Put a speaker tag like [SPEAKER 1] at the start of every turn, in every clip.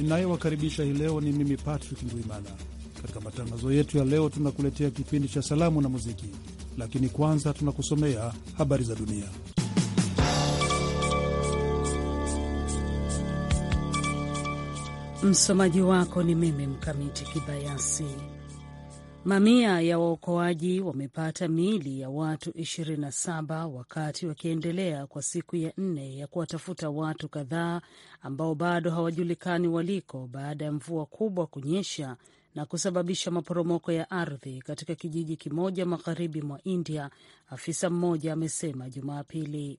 [SPEAKER 1] ninayewakaribisha hii leo ni mimi Patrick Ndwimana. Katika matangazo yetu ya leo, tunakuletea kipindi cha salamu na muziki, lakini kwanza tunakusomea habari za dunia. Msomaji wako ni mimi
[SPEAKER 2] Mkamiti Kibayasi. Mamia ya waokoaji wamepata miili ya watu 27 wakati wakiendelea kwa siku ya nne ya kuwatafuta watu kadhaa ambao bado hawajulikani waliko baada ya mvua kubwa kunyesha na kusababisha maporomoko ya ardhi katika kijiji kimoja magharibi mwa India, afisa mmoja amesema Jumapili.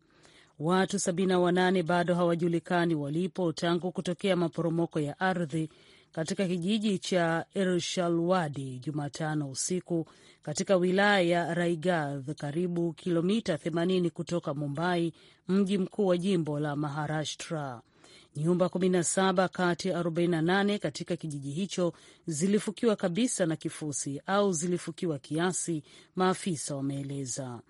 [SPEAKER 2] Watu 78 bado hawajulikani walipo tangu kutokea maporomoko ya ardhi katika kijiji cha Ershalwadi Jumatano usiku katika wilaya ya Raigadh, karibu kilomita 80 kutoka Mumbai, mji mkuu wa jimbo la Maharashtra. Nyumba 17 kati ya 48 katika kijiji hicho zilifukiwa kabisa na kifusi au zilifukiwa kiasi, maafisa wameeleza.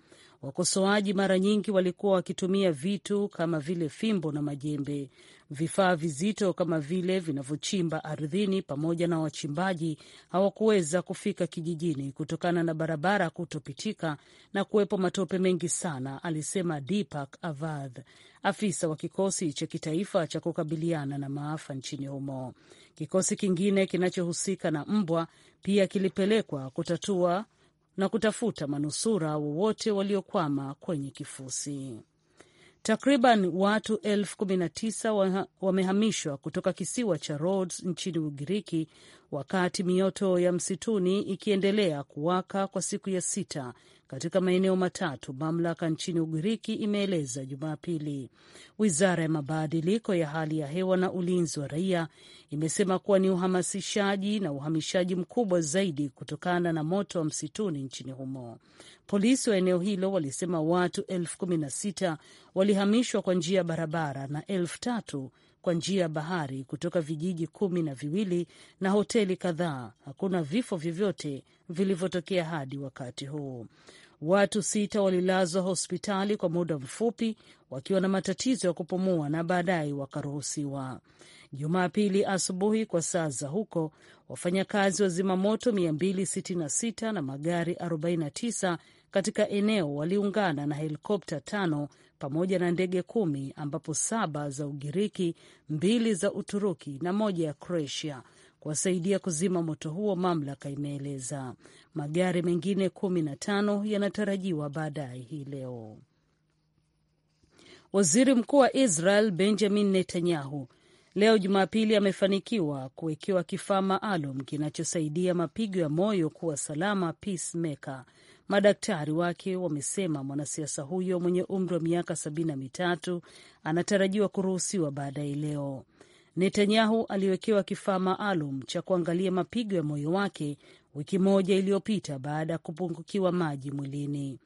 [SPEAKER 2] Wakosoaji mara nyingi walikuwa wakitumia vitu kama vile fimbo na majembe, vifaa vizito kama vile vinavyochimba ardhini, pamoja na wachimbaji hawakuweza kufika kijijini kutokana na barabara kutopitika na kuwepo matope mengi sana, alisema Deepak Avadh, afisa wa kikosi cha kitaifa cha kukabiliana na maafa nchini humo. Kikosi kingine kinachohusika na mbwa pia kilipelekwa kutatua na kutafuta manusura wowote waliokwama kwenye kifusi. Takriban watu elfu kumi na tisa wamehamishwa kutoka kisiwa cha Rhodes nchini Ugiriki wakati mioto ya msituni ikiendelea kuwaka kwa siku ya sita katika maeneo matatu, mamlaka nchini Ugiriki imeeleza Jumapili. Wizara ya mabadiliko ya hali ya hewa na ulinzi wa raia imesema kuwa ni uhamasishaji na uhamishaji mkubwa zaidi kutokana na moto wa msituni nchini humo. Polisi wa eneo hilo walisema watu elfu kumi na sita walihamishwa kwa njia ya barabara na elfu tatu kwa njia ya bahari kutoka vijiji kumi na viwili na hoteli kadhaa. Hakuna vifo vyovyote vilivyotokea hadi wakati huu. Watu sita walilazwa hospitali kwa muda mfupi wakiwa na matatizo ya kupumua na baadaye wakaruhusiwa. Jumapili asubuhi kwa saa za huko, wafanyakazi wa zimamoto 266 na magari 49 katika eneo waliungana na helikopta tano pamoja na ndege kumi ambapo saba za Ugiriki, mbili za Uturuki na moja ya Croatia kuwasaidia kuzima moto huo, mamlaka imeeleza. Magari mengine kumi na tano yanatarajiwa baadaye hii leo. Waziri mkuu wa Israel Benjamin Netanyahu leo Jumapili amefanikiwa kuwekewa kifaa maalum kinachosaidia mapigo ya moyo kuwa salama, peacemaker. Madaktari wake wamesema mwanasiasa huyo mwenye umri wa miaka sabini na mitatu anatarajiwa kuruhusiwa baadaye leo. Netanyahu aliwekewa kifaa maalum cha kuangalia mapigo ya moyo wake wiki moja iliyopita baada ya kupungukiwa maji mwilini.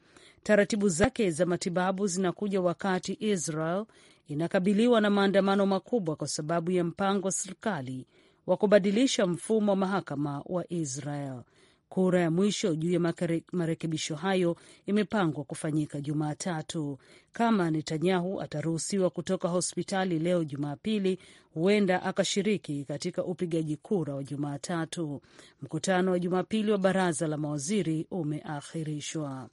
[SPEAKER 2] Taratibu zake za matibabu zinakuja wakati Israel inakabiliwa na maandamano makubwa kwa sababu ya mpango wa serikali wa kubadilisha mfumo wa mahakama wa Israel. Kura ya mwisho juu ya marekebisho hayo imepangwa kufanyika Jumatatu. Kama Netanyahu ataruhusiwa kutoka hospitali leo Jumapili, huenda akashiriki katika upigaji kura wa Jumatatu. Mkutano wa Jumapili wa baraza la mawaziri umeahirishwa.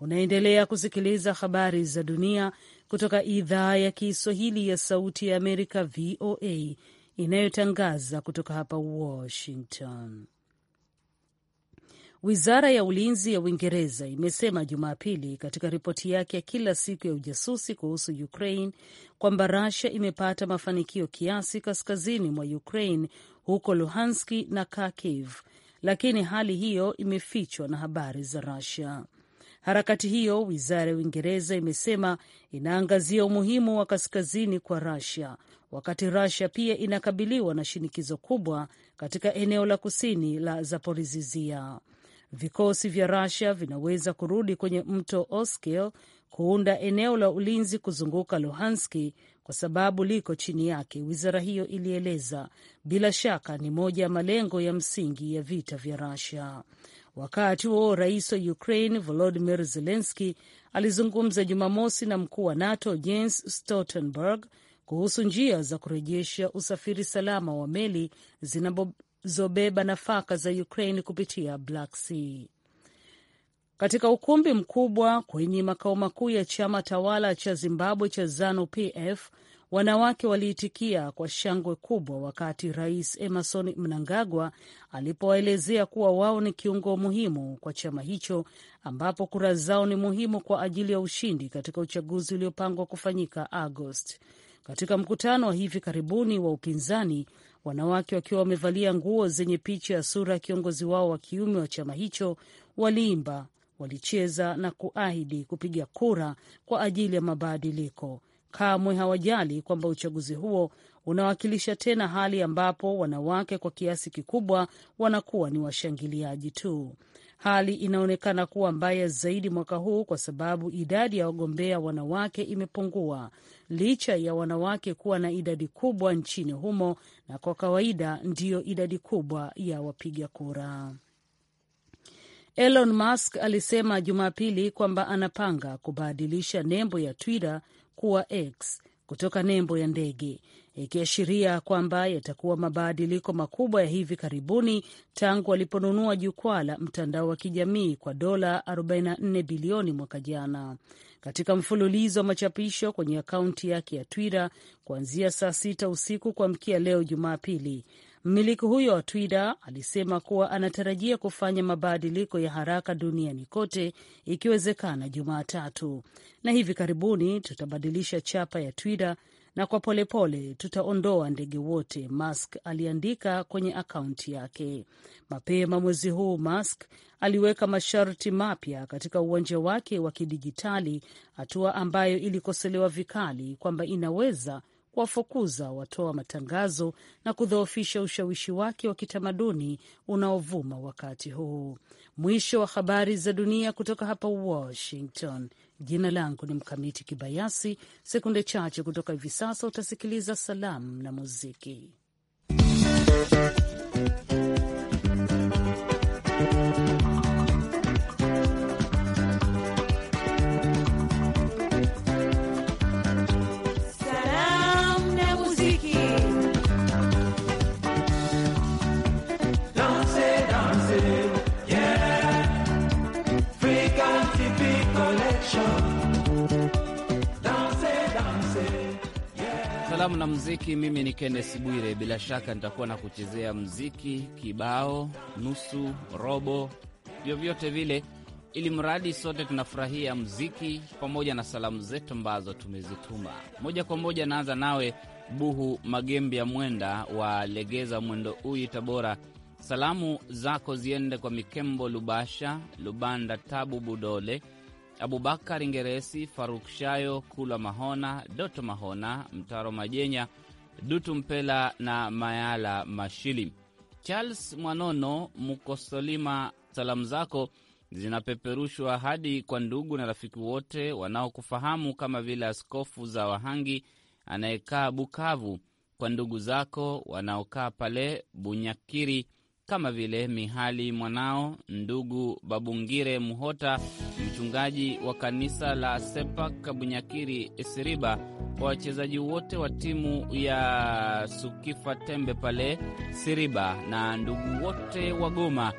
[SPEAKER 2] Unaendelea kusikiliza habari za dunia kutoka idhaa ya Kiswahili ya Sauti ya Amerika, VOA, inayotangaza kutoka hapa Washington. Wizara ya ulinzi ya Uingereza imesema Jumapili katika ripoti yake ya kila siku ya ujasusi kuhusu Ukraine kwamba Russia imepata mafanikio kiasi kaskazini mwa Ukraine, huko Luhanski na Kharkiv, lakini hali hiyo imefichwa na habari za Russia. Harakati hiyo, wizara ya Uingereza imesema, inaangazia umuhimu wa kaskazini kwa Russia, wakati Russia pia inakabiliwa na shinikizo kubwa katika eneo la kusini la Zaporizhzhia. Vikosi vya Rusia vinaweza kurudi kwenye mto Oskil kuunda eneo la ulinzi kuzunguka Luhanski kwa sababu liko chini yake, wizara hiyo ilieleza. Bila shaka ni moja ya malengo ya msingi ya vita vya Rusia. Wakati huo rais wa Ukraine Volodimir Zelenski alizungumza Jumamosi na mkuu wa NATO Jens Stoltenberg kuhusu njia za kurejesha usafiri salama wa meli zilizobeba nafaka za Ukraine kupitia Black Sea. Katika ukumbi mkubwa kwenye makao makuu ya chama tawala cha Zimbabwe cha ZANU PF, wanawake waliitikia kwa shangwe kubwa wakati Rais Emerson Mnangagwa alipowaelezea kuwa wao ni kiungo muhimu kwa chama hicho, ambapo kura zao ni muhimu kwa ajili ya ushindi katika uchaguzi uliopangwa kufanyika Agosti. Katika mkutano wa hivi karibuni wa upinzani wanawake wakiwa wamevalia nguo zenye picha ya sura ya kiongozi wao wa kiume wa chama hicho, waliimba, walicheza na kuahidi kupiga kura kwa ajili ya mabadiliko. Kamwe hawajali kwamba uchaguzi huo unawakilisha tena hali ambapo wanawake kwa kiasi kikubwa wanakuwa ni washangiliaji tu. Hali inaonekana kuwa mbaya zaidi mwaka huu kwa sababu idadi ya wagombea wanawake imepungua licha ya wanawake kuwa na idadi kubwa nchini humo na kwa kawaida ndiyo idadi kubwa ya wapiga kura. Elon Musk alisema Jumapili kwamba anapanga kubadilisha nembo ya Twitter kuwa X kutoka nembo ya ndege, ikiashiria kwamba yatakuwa mabadiliko makubwa ya hivi karibuni tangu waliponunua jukwaa la mtandao wa kijamii kwa dola 44 bilioni mwaka jana. Katika mfululizo wa machapisho kwenye akaunti yake ya Twitter kuanzia saa sita usiku kuamkia leo Jumapili, Mmiliki huyo wa Twitter alisema kuwa anatarajia kufanya mabadiliko ya haraka duniani kote, ikiwezekana Jumatatu, na hivi karibuni tutabadilisha chapa ya Twitter na kwa polepole tutaondoa ndege wote, Musk aliandika kwenye akaunti yake. Mapema mwezi huu, Musk aliweka masharti mapya katika uwanja wake wa kidijitali, hatua ambayo ilikosolewa vikali kwamba inaweza kuwafukuza watoa matangazo na kudhoofisha ushawishi wake wa kitamaduni unaovuma wakati huu. Mwisho wa habari za dunia kutoka hapa Washington. Jina langu ni Mkamiti Kibayasi. Sekunde chache kutoka hivi sasa utasikiliza salamu na muziki.
[SPEAKER 3] salamu na mziki. Mimi ni Kennes Bwire, bila shaka nitakuwa na kuchezea mziki kibao, nusu, robo, vyovyote vile, ili mradi sote tunafurahia mziki pamoja na salamu zetu ambazo tumezituma moja kwa moja. Naanza nawe Buhu magembi ya Mwenda wa Legeza Mwendo Uyi, Tabora. Salamu zako ziende kwa Mikembo Lubasha Lubanda, Tabu Budole Abubakar Ingeresi, Faruk Shayo, Kula Mahona, Doto Mahona, Mtaro Majenya, Dutu Mpela na Mayala Mashili. Charles Mwanono Mukosolima, salamu zako zinapeperushwa hadi kwa ndugu na rafiki wote wanaokufahamu kama vile Askofu za Wahangi anayekaa Bukavu, kwa ndugu zako wanaokaa pale Bunyakiri kama vile Mihali mwanao, ndugu Babungire Muhota mchungaji wa kanisa la Sepak Bunyakiri Siriba kwa wachezaji wote wa timu ya Sukifa Tembe pale Siriba na ndugu wote wa Goma,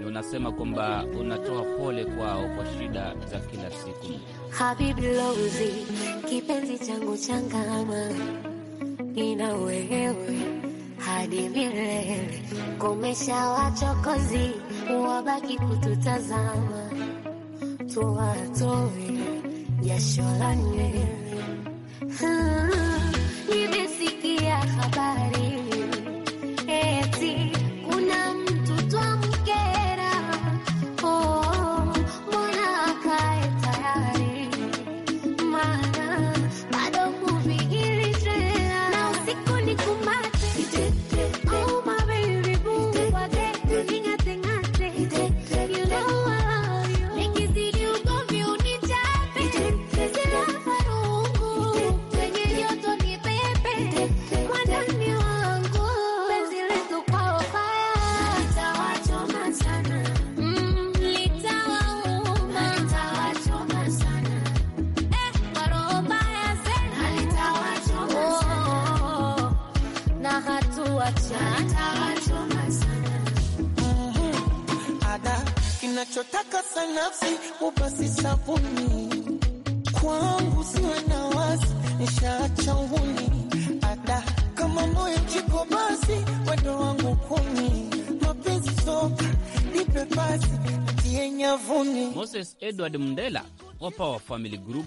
[SPEAKER 3] ni unasema kwamba unatoa pole kwao kwa shida za kila siku.
[SPEAKER 4] Habibi Lozi, kipenzi changu changama, nina wewe hadi milele, komesha wachokozi wabaki kututazama 做我的座位也少了你。
[SPEAKER 5] basi sabuni kwangu siwe na wasi, nishaacha uhuni. Ada kama moyo jiko basi wendo wangu kumi,
[SPEAKER 4] mapenzi soka nipe basi tie nyavuni.
[SPEAKER 3] Moses Edward Mndela wa Family Group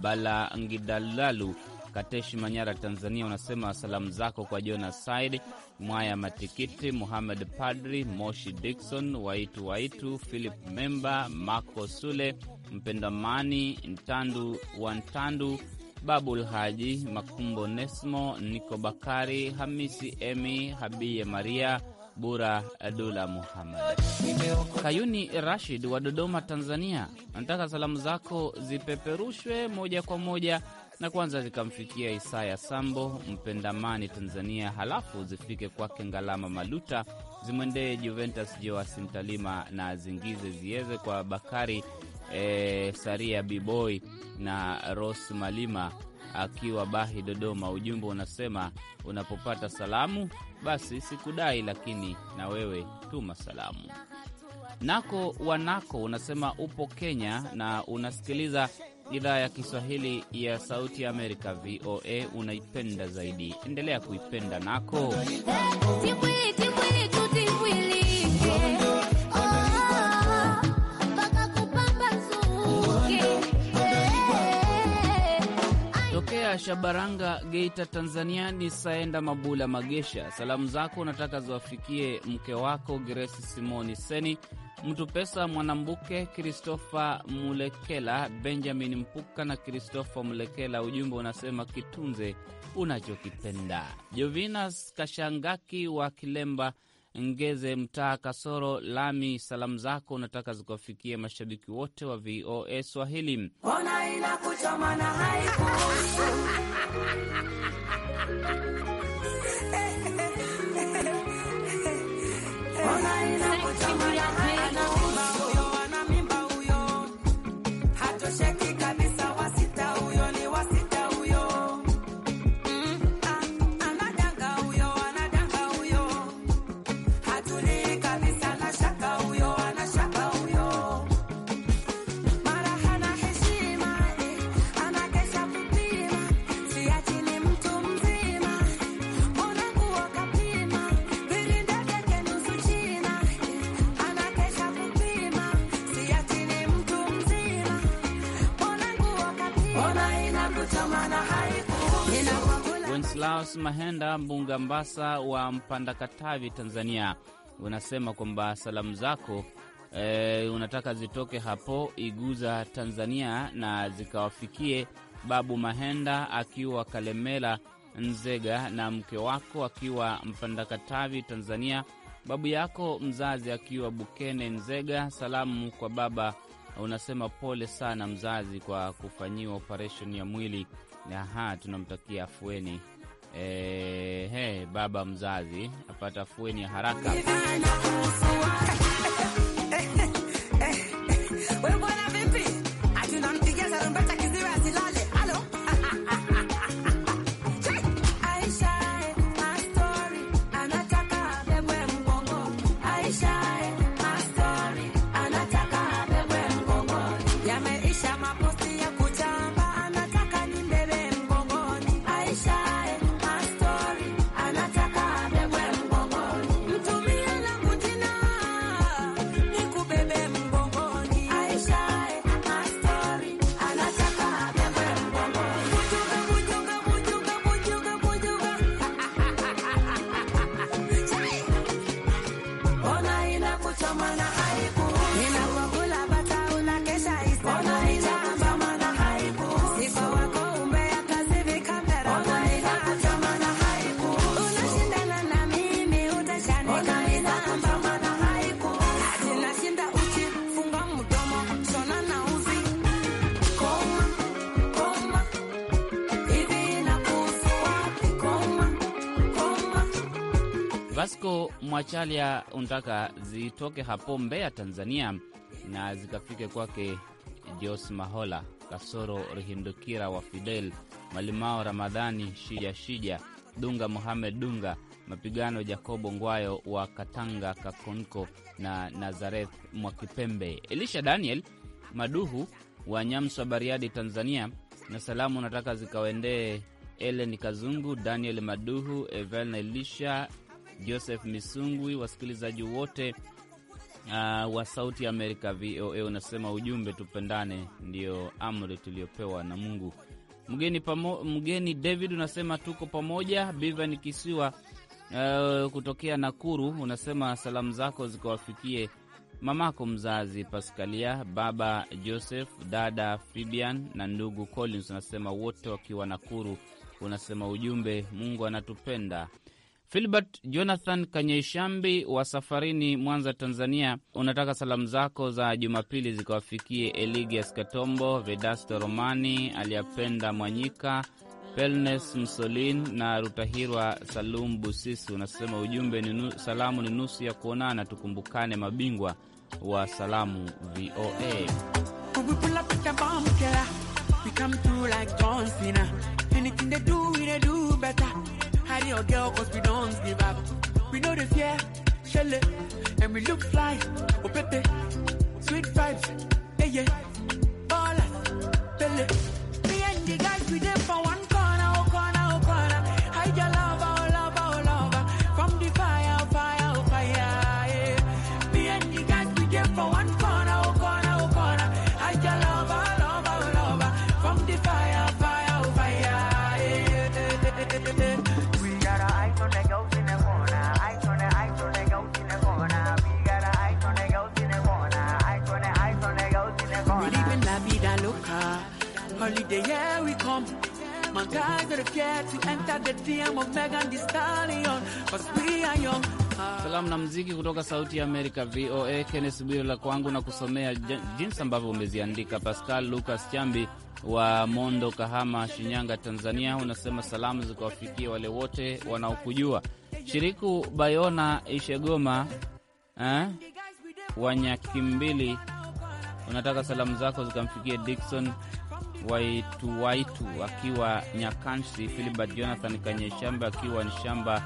[SPEAKER 3] Balangidalalu Kateshi, Manyara, Tanzania, unasema salamu zako kwa Jonas Said Mwaya, Matikiti Muhamed, Padri Moshi, Dikson Waitu, Waitu Philip Memba, Marco Sule, Mpendamani Ntandu wa Ntandu, Babul Haji Makumbo, Nesmo Niko, Bakari Hamisi, Emi Habiye, Maria Bura Dula Muhammad Kayuni Rashid wa Dodoma, Tanzania, anataka salamu zako zipeperushwe moja kwa moja na kwanza zikamfikia Isaya Sambo Mpendamani Tanzania, halafu zifike kwake Ngalama Maluta, zimwendee Juventus Joasi Mtalima na zingize zieze kwa Bakari e, Saria Biboi na Ros Malima akiwa Bahi Dodoma. Ujumbe unasema unapopata salamu basi sikudai, lakini na wewe tuma salamu. Nako wanako unasema upo Kenya na unasikiliza idhaa ya Kiswahili ya Sauti ya Amerika, VOA, unaipenda zaidi. Endelea kuipenda nako Shabaranga, Geita, Tanzania. Ni Saenda Mabula Magesha, salamu zako unataka ziwafikie mke wako Grace Simoni Seni mtu pesa Mwanambuke, Kristofa Mulekela, Benjamin Mpuka na Kristofa Mulekela. Ujumbe unasema kitunze unachokipenda. Jovinas Kashangaki wa Kilemba Ngeze, mtaa Kasoro Lami, salamu zako unataka zikawafikia mashabiki wote wa VOA Swahili.
[SPEAKER 5] Ona ina kuchoma hai
[SPEAKER 3] Mahenda Mbungambasa wa Mpanda, Katavi, Tanzania, unasema kwamba salamu zako e, unataka zitoke hapo Iguza, Tanzania, na zikawafikie Babu Mahenda akiwa Kalemela Nzega na mke wako akiwa Mpanda, Katavi, Tanzania, babu yako mzazi akiwa Bukene Nzega. Salamu kwa baba unasema pole sana mzazi kwa kufanyiwa operesheni ya mwili, Aha, tunamtakia afueni e, hey, baba mzazi apata fueni ya haraka Mwachalia unataka zitoke hapo Mbeya, Tanzania, na zikafike kwake Jos Mahola Kasoro Rihindukira wa Fidel Malimao, Ramadhani Shija Shija, Dunga muhamed Dunga, Mapigano Jacobo Ngwayo wa Katanga Kakonko na Nazareth Mwakipembe, Elisha Daniel Maduhu wa Nyamswa, Bariadi, Tanzania. Na salamu nataka zikawendee Elen Kazungu, Daniel Maduhu, Evelna Elisha Joseph Misungwi, wasikilizaji wote uh, wa Sauti ya Amerika VOA, unasema ujumbe tupendane ndiyo amri tuliyopewa na Mungu. Mgeni, pamo, mgeni David unasema tuko pamoja. Bivan Kisiwa uh, kutokea Nakuru unasema salamu zako zikawafikie mamako mzazi Paskalia, baba Joseph, dada Fibian na ndugu Collins, unasema wote wakiwa Nakuru. Unasema ujumbe, Mungu anatupenda Filbert Jonathan Kanyeishambi wa Safarini, Mwanza, Tanzania, unataka salamu zako za Jumapili zikawafikie Eligias Katombo, Vedasto Romani, Aliyapenda Mwanyika, Pelnes Msolin na Rutahirwa Salum Busisi. Unasema ujumbe ni salamu ni nusu ya kuonana, tukumbukane. Mabingwa wa salamu VOA.
[SPEAKER 5] carry your oh girl cause we don't give up. We know the fear, shell and we look fly. Oh, pepe, sweet vibes, hey yeah, ball, belly. Me and the guys, we there for Holiday, here we come. My guys are care to enter the DM of Megan Thee Stallion. Cause we are young.
[SPEAKER 3] Salamu na mziki kutoka Sauti ya Amerika, VOA. Kennes Bwire la kwangu na kusomea jinsi ambavyo umeziandika. Pascal Lucas Chambi wa Mondo, Kahama, Shinyanga, Tanzania, unasema salamu zikawafikia wale wote wanaokujua. Shiriku Bayona Ishegoma eh, Wanyakimbili, unataka salamu zako zikamfikia Dikson Waitu Waitu akiwa Nyakansi, Filibert Jonathan Kanyeshamba akiwa Nshamba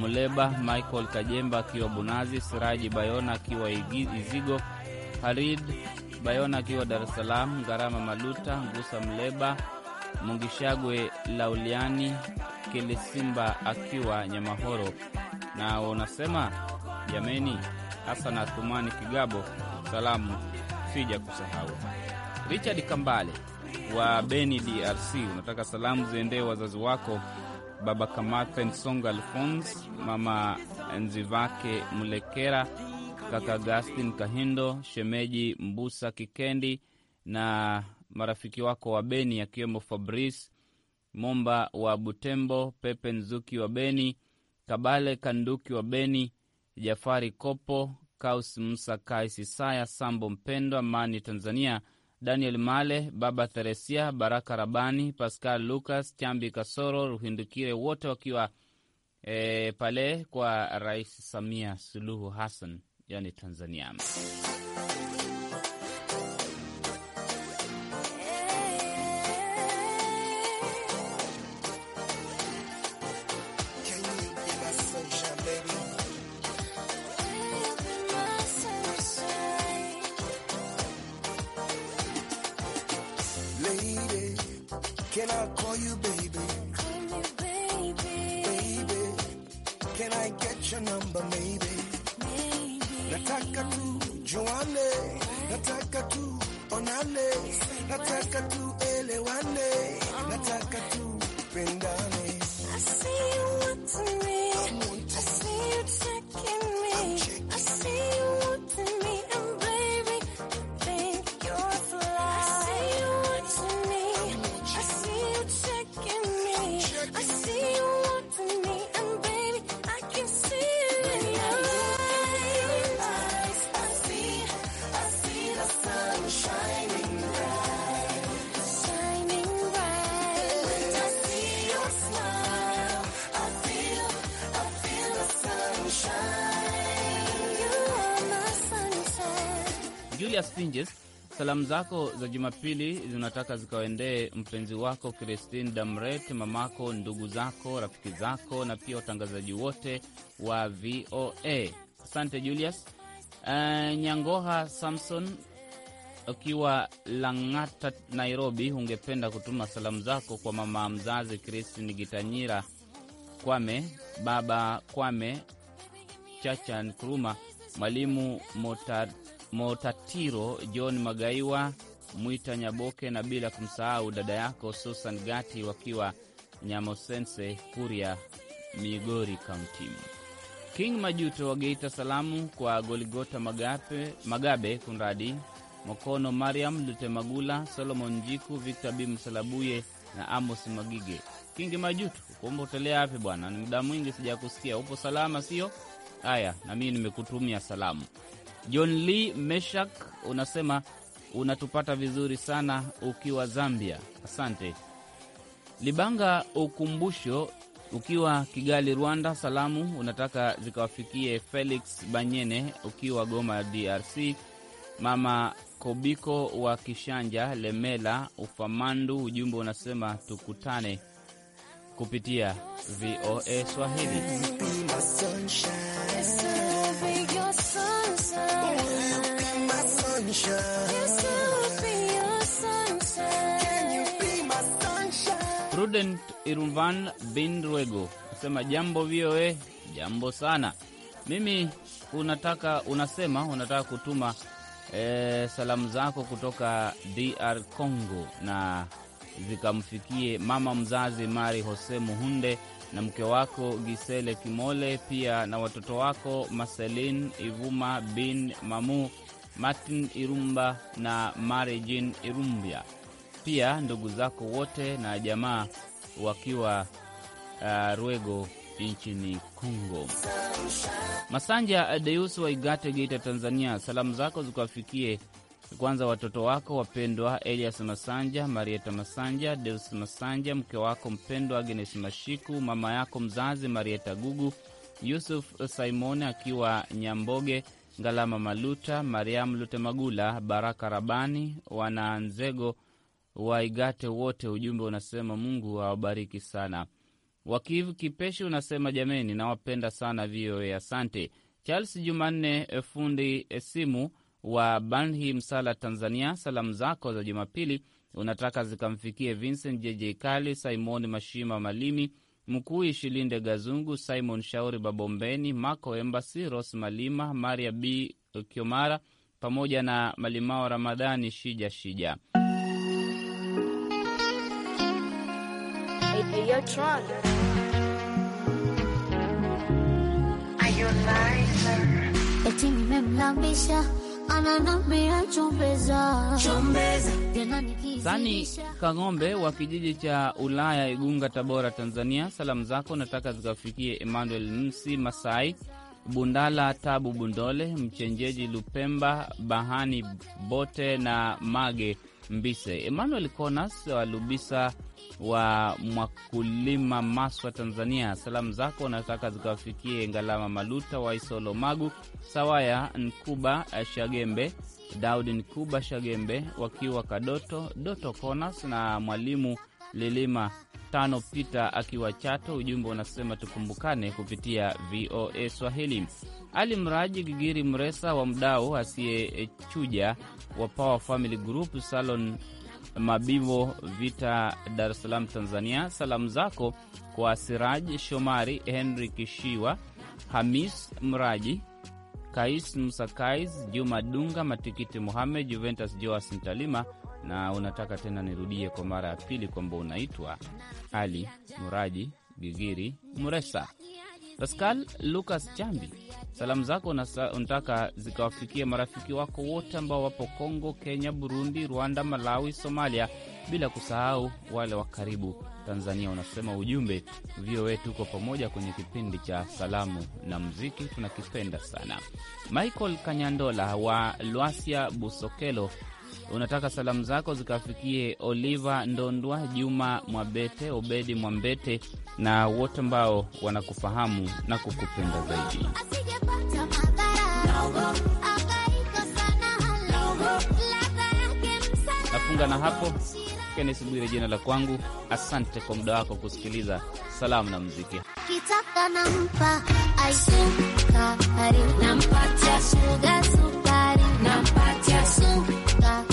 [SPEAKER 3] mleba Michael Kajemba akiwa Bunazi, Siraji Bayona akiwa Izigo, Harid Bayona akiwa Dar es Salaam, Gharama Maluta Ngusa Mleba, Mungishagwe Lauliani Kelesimba akiwa Nyamahoro. Na unasema jameni, Hasan Athumani Kigabo, salamu sija kusahau Richard Kambale wa Beni, DRC. Unataka salamu ziendee wazazi wako Baba Kamata Nsonga Alfons, Mama Nzivake Mlekera, kaka Gastin Kahindo, shemeji Mbusa Kikendi na marafiki wako wa Beni akiwemo Fabrice Momba wa Butembo, Pepe Nzuki wa Beni, Kabale Kanduki wa Beni, Jafari Kopo, Kaus Musa Kaisisaya, Sambo Mpendwa, Mani Tanzania Daniel Male, Baba Theresia, Baraka Rabani, Pascal Lucas, Chambi Kasoro, Ruhindukire, wote wakiwa e, pale kwa Rais Samia Suluhu Hassan, yani Tanzania. Nunca tuve Julius Finges, salamu zako za Jumapili zinataka zikawaendee mpenzi wako Christine Damret, mamako, ndugu zako, rafiki zako na pia watangazaji wote wa VOA. Asante Julius. Uh, Nyangoha Samson ukiwa Lang'ata, Nairobi, ungependa kutuma salamu zako kwa mama mzazi Christine Gitanyira Kwame, baba Kwame Chacha Nkruma, mwalimu Motar Motatiro John Magaiwa Mwita Nyaboke na bila kumsahau dada yako Susan Gati wakiwa Nyamosense Kuria, Migori Kaunti. King Majuto wa Geita, salamu kwa Goligota Magape, Magabe kunradi Mokono Mariam Lutemagula, Solomon Njiku, Victor B Msalabuye na Amos Magige. King Majuto, kuomba utelea wapi bwana? Ni muda mwingi sijakusikia. Upo salama sio? Haya, na nimekutumia salamu John Lee Meshak unasema unatupata vizuri sana ukiwa Zambia, asante. Libanga Ukumbusho ukiwa Kigali, Rwanda, salamu unataka zikawafikie Felix Banyene ukiwa Goma, DRC, mama Kobiko wa Kishanja, Lemela, Ufamandu. Ujumbe unasema tukutane kupitia VOA Swahili. Prudent Irvan bin Rwego asema jambo VOA, jambo sana. Mimi unataka unasema unataka kutuma e, salamu zako kutoka DR Congo na zikamfikie mama mzazi Mari Jose Muhunde na mke wako Gisele Kimole, pia na watoto wako Marcelin Ivuma bin Mamu Martin Irumba na Mary Jean Irumbya, pia ndugu zako wote na jamaa wakiwa uh, Rwego nchini Kongo. Masanja Deus Waigate, Geita, Tanzania, salamu zako zikuwafikie kwanza watoto wako wapendwa Elias Masanja, Marieta Masanja, Deus Masanja, mke wako mpendwa Agnes Mashiku, mama yako mzazi Marieta Gugu, Yusuf Simon akiwa Nyamboge, Ngalama Maluta, Mariam Lutemagula, Baraka Rabani, Wananzego Waigate wote. Ujumbe unasema Mungu awabariki sana. Wakivu Kipeshi unasema jameni, nawapenda sana VOA. Asante. Charles Jumanne eh, fundi eh, simu wa Banhi, Msala, Tanzania, salamu zako za Jumapili unataka zikamfikie Vincent JJ Kali, Simon Mashima Malimi, Mkuu Ishilinde Gazungu, Simon Shauri Babombeni, Mako Embasi, Ros Malima, Maria B Kiomara pamoja na Malimao Ramadhani Shija Shija.
[SPEAKER 4] Hey, Sani
[SPEAKER 3] Kang'ombe wa kijiji cha Ulaya, Igunga, Tabora, Tanzania. Salamu zako nataka zikafikie Emmanuel Msi Masai, Bundala Tabu Bundole, Mchenjeji Lupemba, Bahani Bote na Mage Mbise, Emmanuel Konas wa Lubisa wa Mwakulima, Maswa, Tanzania. Salamu zako unataka zikawafikie Ngalama Maluta, Waisolo Magu, Sawaya Nkuba Shagembe, Daudi Nkuba Shagembe wakiwa Kadoto, Doto Konas na Mwalimu Lilima tano Pita akiwa Chato. Ujumbe unasema tukumbukane kupitia VOA Swahili. Ali Mraji Gigiri Mresa wa mdao asiyechuja wa Power Family Group Salon Mabibo Vita, Dar es Salaam, Tanzania. Salamu zako kwa Siraj Shomari, Henri Kishiwa, Hamis Mraji, Kais Msakais, Juma Dunga, Matikiti Muhamed, Juventus Joas Ntalima, na unataka tena nirudie kwa mara ya pili kwamba unaitwa Ali Muraji Bigiri Muresa. Pascal Lucas Chambi, salamu zako unataka zikawafikia marafiki wako wote ambao wapo Kongo, Kenya, Burundi, Rwanda, Malawi, Somalia, bila kusahau wale wa karibu Tanzania. Unasema ujumbe VOA, tuko pamoja kwenye kipindi cha salamu na muziki, tunakipenda sana. Michael Kanyandola wa Lwasia, Busokelo unataka salamu zako zikafikie Oliva Ndondwa, Juma Mwabete, Obedi Mwambete na wote ambao wanakufahamu na kukupenda zaidi. Nafunga na hapo. Kenesi Bwire jina la kwangu. Asante kwa muda wako kusikiliza salamu na muziki.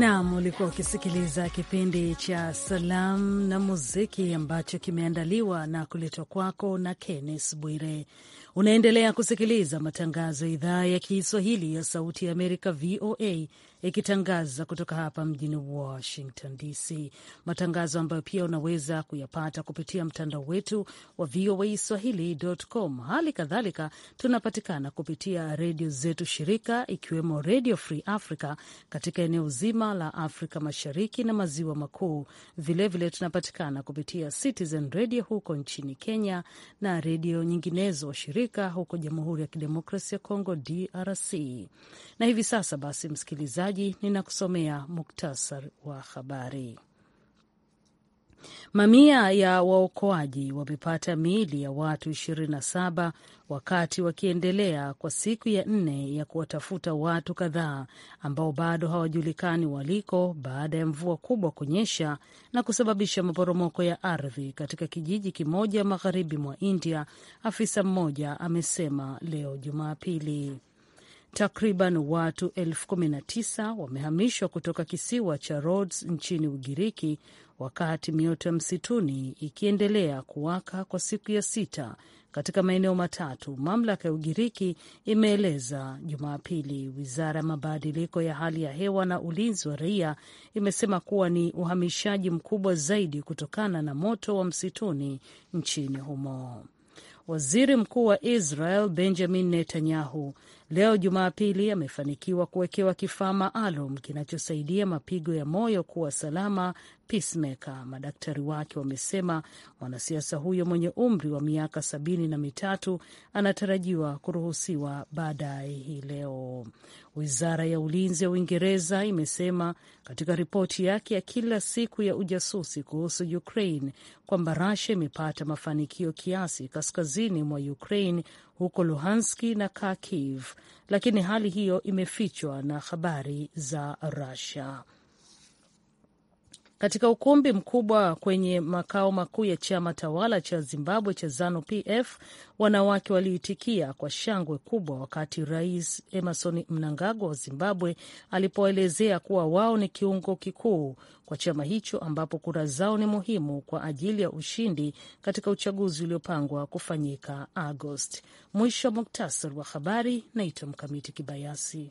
[SPEAKER 2] Naam, ulikuwa ukisikiliza kipindi cha Salamu na Muziki ambacho kimeandaliwa na kuletwa kwako na kennes Bwire. Unaendelea kusikiliza matangazo ya idhaa ya Kiswahili ya Sauti ya Amerika, VOA, ikitangaza kutoka hapa mjini Washington DC, matangazo ambayo pia unaweza kuyapata kupitia mtandao wetu wa VOA Swahili.com. Hali kadhalika tunapatikana kupitia redio zetu shirika, ikiwemo Redio Free Africa katika eneo zima la Afrika Mashariki na Maziwa Makuu. Vilevile tunapatikana kupitia Citizen Redio huko nchini Kenya na redio nyinginezo wa shirika huko Jamhuri ya kidemokrasia ya Kongo, DRC. Na hivi sasa basi, msikilizaji msikilizaji, ninakusomea muktasar wa habari. Mamia ya waokoaji wamepata miili ya watu 27 wakati wakiendelea kwa siku ya nne ya kuwatafuta watu kadhaa ambao bado hawajulikani waliko baada ya mvua kubwa kunyesha na kusababisha maporomoko ya ardhi katika kijiji kimoja magharibi mwa India, afisa mmoja amesema leo Jumapili. Takriban watu elfu kumi na tisa wamehamishwa kutoka kisiwa cha Rhodes nchini Ugiriki wakati mioto ya msituni ikiendelea kuwaka kwa siku ya sita katika maeneo matatu, mamlaka ya Ugiriki imeeleza Jumapili. Wizara ya mabadiliko ya hali ya hewa na ulinzi wa raia imesema kuwa ni uhamishaji mkubwa zaidi kutokana na moto wa msituni nchini humo. Waziri Mkuu wa Israel Benjamin Netanyahu leo Jumapili amefanikiwa kuwekewa kifaa maalum kinachosaidia mapigo ya moyo kuwa salama, pacemaker, madaktari wake wamesema. Mwanasiasa huyo mwenye umri wa miaka sabini na mitatu anatarajiwa kuruhusiwa baadaye hii leo. Wizara ya ulinzi ya Uingereza imesema katika ripoti yake ya kila siku ya ujasusi kuhusu Ukraine kwamba Russia imepata mafanikio kiasi kaskazini mwa Ukraine huko Luhanski na Kharkiv, lakini hali hiyo imefichwa na habari za rasia katika ukumbi mkubwa kwenye makao makuu ya chama tawala cha Zimbabwe cha ZANU PF. Wanawake waliitikia kwa shangwe kubwa wakati Rais Emerson Mnangagwa wa Zimbabwe alipoelezea kuwa wao ni kiungo kikuu kwa chama hicho, ambapo kura zao ni muhimu kwa ajili ya ushindi katika uchaguzi uliopangwa kufanyika Agosti. Mwisho wa muktasari wa habari. Naitwa Mkamiti Kibayasi.